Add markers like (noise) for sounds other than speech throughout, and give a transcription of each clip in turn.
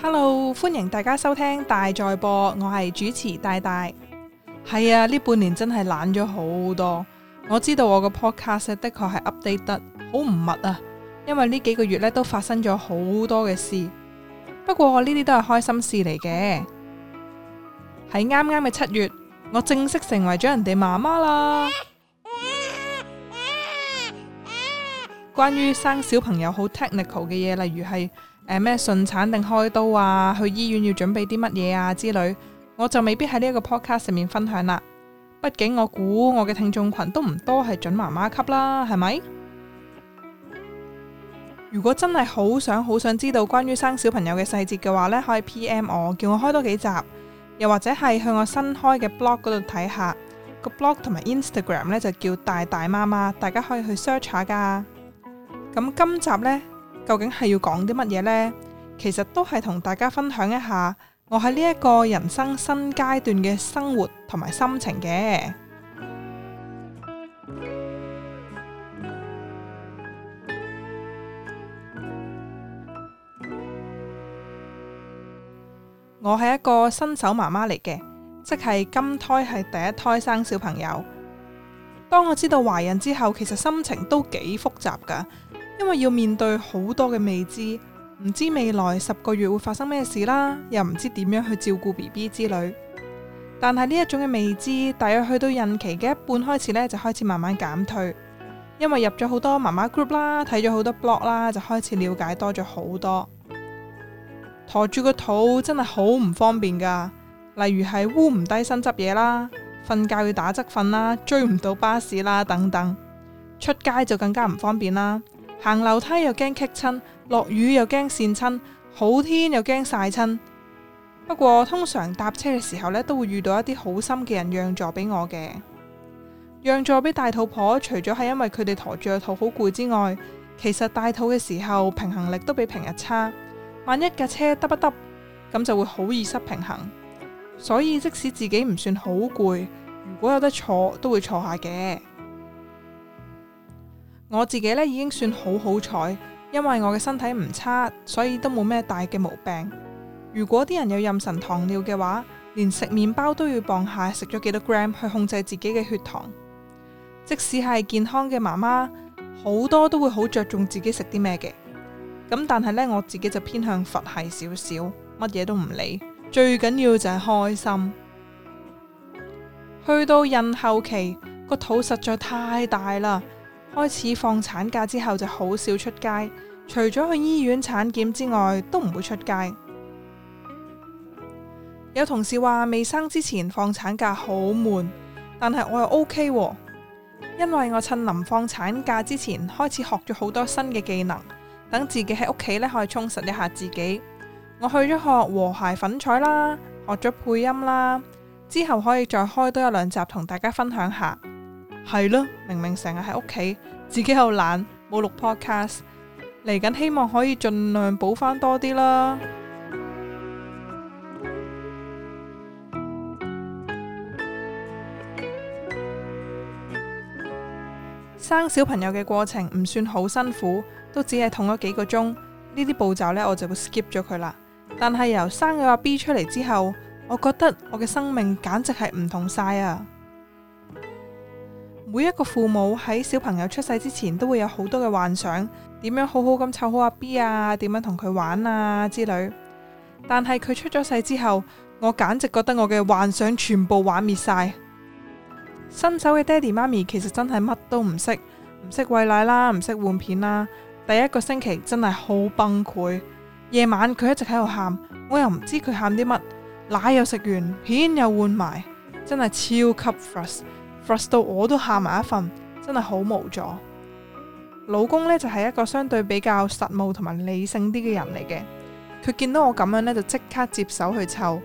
Hello，歡迎大家收聽大在播，我係主持大大。係啊，呢半年真係懶咗好多。我知道我個 podcast 的確係 update 得好唔密啊，因為呢幾個月呢都發生咗好多嘅事。不過呢啲都係開心事嚟嘅。喺啱啱嘅七月，我正式成為咗人哋媽媽啦。關於生小朋友好 technical 嘅嘢，例如係。咩順產定開刀啊？去醫院要準備啲乜嘢啊之類，我就未必喺呢一個 podcast 上面分享啦。畢竟我估我嘅聽眾群都唔多係準媽媽級啦，係咪？ (music) 如果真係好想好想知道關於生小朋友嘅細節嘅話呢，可以 PM 我，叫我開多幾集，又或者係去我新開嘅 blog 嗰度睇下。個 blog 同埋 Instagram 呢就叫大大媽媽，大家可以去 search 下噶。咁今集呢。究竟係要講啲乜嘢呢？其實都係同大家分享一下我喺呢一個人生新階段嘅生活同埋心情嘅。我係一個新手媽媽嚟嘅，即係今胎係第一胎生小朋友。當我知道懷孕之後，其實心情都幾複雜噶。因為要面對好多嘅未知，唔知未來十個月會發生咩事啦，又唔知點樣去照顧 BB 之類。但係呢一種嘅未知，大約去到孕期嘅一半開始呢，就開始慢慢減退。因為入咗好多媽媽 group 啦，睇咗好多 blog 啦，就開始了解多咗好多。陀住個肚真係好唔方便噶，例如係污唔低身執嘢啦，瞓覺要打側瞓啦，追唔到巴士啦，等等。出街就更加唔方便啦。行樓梯又驚棘親，落雨又驚跣親，好天又驚曬親。不過通常搭車嘅時候咧，都會遇到一啲好心嘅人讓座俾我嘅。讓座俾大肚婆，除咗係因為佢哋馱住個肚好攰之外，其實大肚嘅時候平衡力都比平日差。萬一架車耷一耷，咁就會好易失平衡。所以即使自己唔算好攰，如果有得坐，都會坐下嘅。我自己呢已經算好好彩，因為我嘅身體唔差，所以都冇咩大嘅毛病。如果啲人有妊娠糖尿嘅話，連食麵包都要磅下，食咗幾多 gram 去控制自己嘅血糖。即使係健康嘅媽媽，好多都會好着重自己食啲咩嘅。咁但係呢，我自己就偏向佛系少少，乜嘢都唔理，最緊要就係開心。去到孕後期，個肚實在太大啦。開始放產假之後，就好少出街，除咗去醫院產檢之外，都唔會出街。有同事話未生之前放產假好悶，但係我又 OK，因為我趁臨放產假之前開始學咗好多新嘅技能，等自己喺屋企呢可以充實一下自己。我去咗學和諧粉彩啦，學咗配音啦，之後可以再開多一兩集同大家分享下。係咯， (noise) 明明成日喺屋企，自己又懶，冇錄 podcast 嚟緊，希望可以盡量補返多啲啦。 (music) 生小朋友嘅過程唔算好辛苦，都只係痛咗幾個鐘。呢啲步驟呢，我就會 skip 咗佢啦。但係由生嘅阿 B 出嚟之後，我覺得我嘅生命簡直係唔同晒啊！每一個父母喺小朋友出世之前都會有好多嘅幻想，點樣好好咁湊好阿 B 啊，點樣同佢玩啊之類。但係佢出咗世之後，我簡直覺得我嘅幻想全部玩滅晒。新手嘅爹哋媽咪其實真係乜都唔識，唔識喂奶啦，唔識換片啦。第一個星期真係好崩潰，夜晚佢一直喺度喊，我又唔知佢喊啲乜，奶又食完，片又換埋，真係超級 frust 到我都喊埋一份，真係好無助。老公呢就係一個相對比較實務同埋理性啲嘅人嚟嘅，佢見到我咁樣呢，就即刻接手去湊。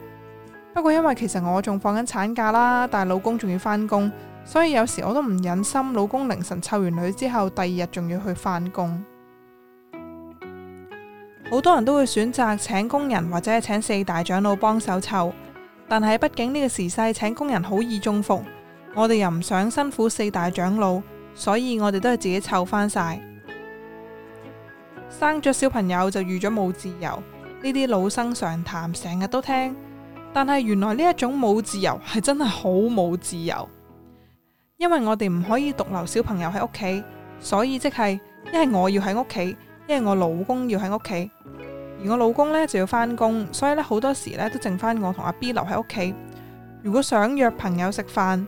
不過因為其實我仲放緊產假啦，但係老公仲要返工，所以有時我都唔忍心。老公凌晨湊完女之後，第二日仲要去返工。好 (music) 多人都會選擇請工人或者係請四大長老幫手湊，但係畢竟呢個時勢，請工人好易中伏。我哋又唔想辛苦四大長老，所以我哋都係自己湊返晒。生咗小朋友就預咗冇自由呢啲老生常談，成日都聽。但係原來呢一種冇自由係真係好冇自由，因為我哋唔可以獨留小朋友喺屋企，所以即係一係我要喺屋企，一係我老公要喺屋企。而我老公呢就要返工，所以呢好多時呢都剩翻我同阿 B 留喺屋企。如果想約朋友食飯。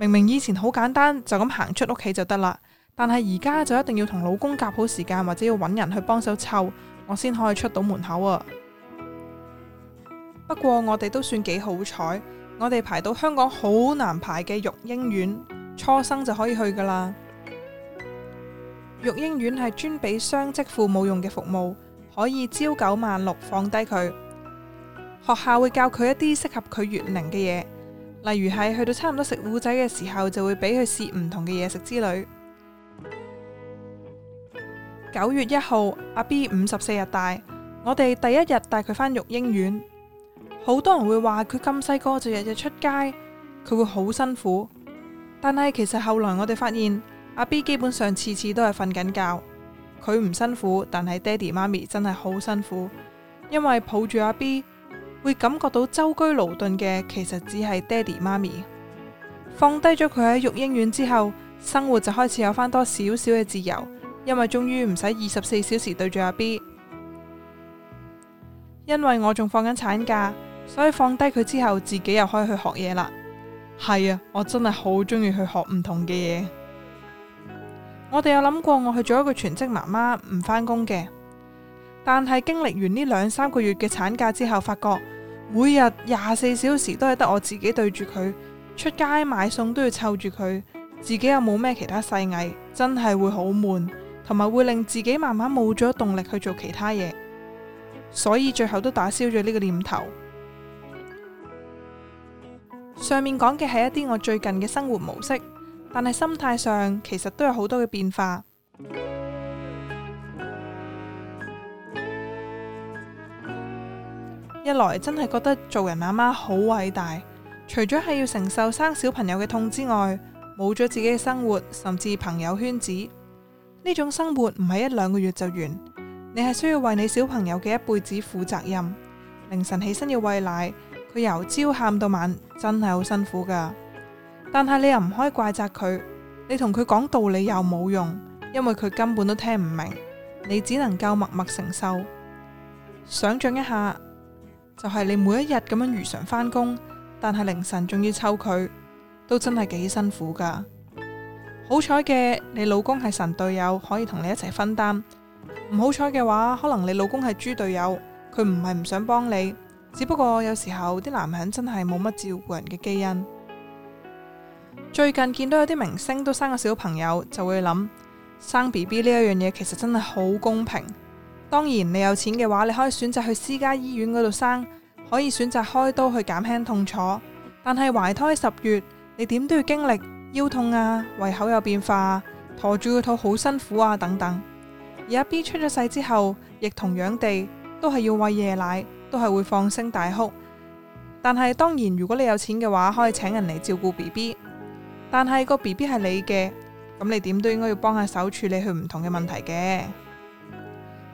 明明以前好簡單，就咁行出屋企就得啦，但係而家就一定要同老公夾好時間，或者要揾人去幫手湊，我先可以出到門口啊。不過我哋都算幾好彩，我哋排到香港好難排嘅育嬰院，初生就可以去噶啦。育嬰院係專俾雙職父母用嘅服務，可以朝九晚六放低佢，學校會教佢一啲適合佢月齡嘅嘢。例如係去到差唔多食糊仔嘅時候，就會俾佢試唔同嘅嘢食之類。九月一號，阿 B 五十四日大，我哋第一日帶佢返育嬰院，好多人會話佢咁細個就日日出街，佢會好辛苦。但係其實後來我哋發現，阿 B 基本上次次都係瞓緊覺，佢唔辛苦，但係爹哋媽咪真係好辛苦，因為抱住阿 B。會感覺到舟車勞頓嘅，其實只係爹哋媽咪。放低咗佢喺育嬰院之後，生活就開始有翻多少少嘅自由，因為終於唔使二十四小時對住阿 B。因為我仲放緊產假，所以放低佢之後，自己又可以去學嘢啦。係啊，我真係好中意去學唔同嘅嘢。我哋有諗過我去做一個全職媽媽，唔返工嘅。但係經歷完呢兩三個月嘅產假之後，發覺。每日廿四小時都係得我自己對住佢，出街買餸都要湊住佢，自己又冇咩其他細藝，真係會好悶，同埋會令自己慢慢冇咗動力去做其他嘢，所以最後都打消咗呢個念頭。上面講嘅係一啲我最近嘅生活模式，但係心態上其實都有好多嘅變化。一來真係覺得做人阿媽好偉大，除咗係要承受生小朋友嘅痛之外，冇咗自己嘅生活，甚至朋友圈子。呢種生活唔係一兩個月就完，你係需要為你小朋友嘅一輩子負責任。凌晨起身要喂奶，佢由朝喊到晚，真係好辛苦㗎。但係你又唔可以怪責佢，你同佢講道理又冇用，因為佢根本都聽唔明。你只能夠默默承受。想象，一下。就係你每一日咁樣如常返工，但係凌晨仲要抽佢，都真係幾辛苦噶。好彩嘅，你老公係神隊友，可以同你一齊分擔。唔好彩嘅話，可能你老公係豬隊友，佢唔係唔想幫你，只不過有時候啲男人真係冇乜照顧人嘅基因。最近見到有啲明星都生個小朋友，就會諗生 BB 呢一樣嘢，其實真係好公平。當然，你有錢嘅話，你可以選擇去私家醫院嗰度生，可以選擇開刀去減輕痛楚。但係懷胎十月，你點都要經歷腰痛啊，胃口有變化，陀住個肚好辛苦啊等等。而阿 B 出咗世之後，亦同樣地都係要餵夜奶，都係會放聲大哭。但係當然，如果你有錢嘅話，可以請人嚟照顧 B B。但係個 B B 係你嘅，咁你點都應該要幫下手處理佢唔同嘅問題嘅。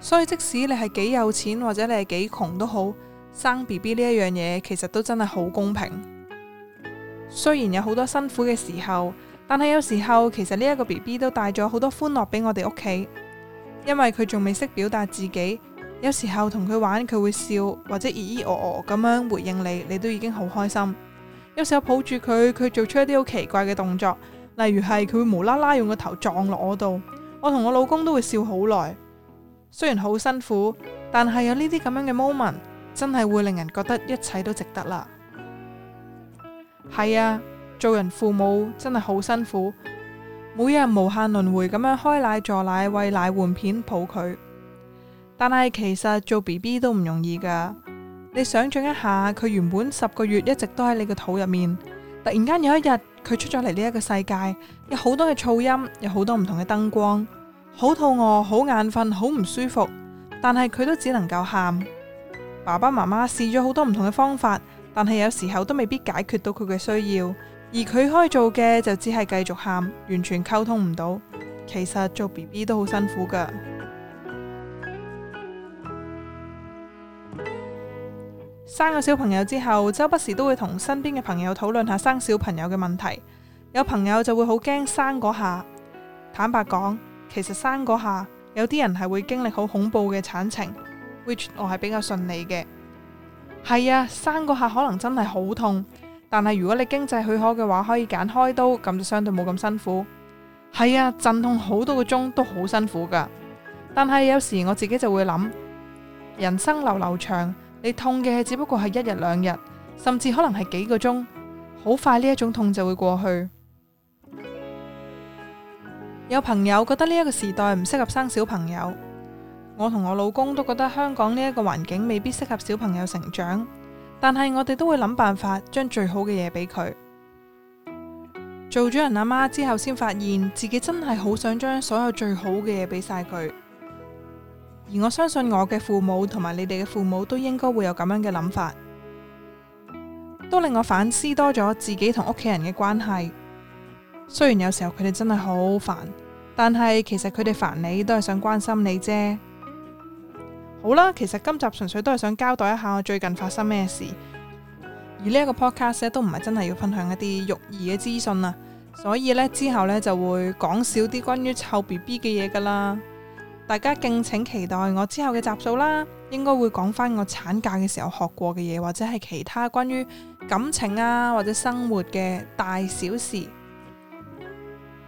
所以即使你係幾有錢或者你係幾窮都好，生 B B 呢一樣嘢其實都真係好公平。雖然有好多辛苦嘅時候，但係有時候其實呢一個 B B 都帶咗好多歡樂俾我哋屋企。因為佢仲未識表達自己，有時候同佢玩佢會笑或者咦咦哦哦咁樣回應你，你都已經好開心。有時候抱住佢，佢做出一啲好奇怪嘅動作，例如係佢會無啦啦用個頭撞落我度，我同我老公都會笑好耐。雖然好辛苦，但係有呢啲咁樣嘅 moment，真係會令人覺得一切都值得啦。係啊，做人父母真係好辛苦，每日無限輪回咁樣開奶、助奶、餵奶、換片、抱佢。但係其實做 BB 都唔容易噶。你想象一下，佢原本十個月一直都喺你個肚入面，突然間有一日佢出咗嚟，呢一個世界，有好多嘅噪音，有好多唔同嘅燈光。好肚餓，好眼瞓，好唔舒服，但係佢都只能夠喊。爸爸媽媽試咗好多唔同嘅方法，但係有時候都未必解決到佢嘅需要，而佢可以做嘅就只係繼續喊，完全溝通唔到。其實做 BB 都好辛苦噶。生咗小朋友之後，周不時都會同身邊嘅朋友討論下生小朋友嘅問題。有朋友就會好驚生嗰下，坦白講。其實生嗰下有啲人係會經歷好恐怖嘅產程，which 我係比較順利嘅。係啊，生嗰下可能真係好痛，但係如果你經濟許可嘅話，可以揀開刀，咁就相對冇咁辛苦。係啊，陣痛好多個鐘都好辛苦㗎，但係有時我自己就會諗，人生流流長，你痛嘅只不過係一日兩日，甚至可能係幾個鐘，好快呢一種痛就會過去。有朋友覺得呢一個時代唔適合生小朋友，我同我老公都覺得香港呢一個環境未必適合小朋友成長，但係我哋都會諗辦法將最好嘅嘢俾佢。做咗人阿媽之後，先發現自己真係好想將所有最好嘅嘢俾晒佢。而我相信我嘅父母同埋你哋嘅父母都應該會有咁樣嘅諗法，都令我反思多咗自己同屋企人嘅關係。雖然有時候佢哋真係好煩，但係其實佢哋煩你都係想關心你啫。好啦，其實今集純粹都係想交代一下我最近發生咩事，而呢一個 podcast 都唔係真係要分享一啲育兒嘅資訊啊。所以呢之後呢就會講少啲關於臭 B B 嘅嘢噶啦。大家敬請期待我之後嘅集數啦，應該會講返我產假嘅時候學過嘅嘢，或者係其他關於感情啊或者生活嘅大小事。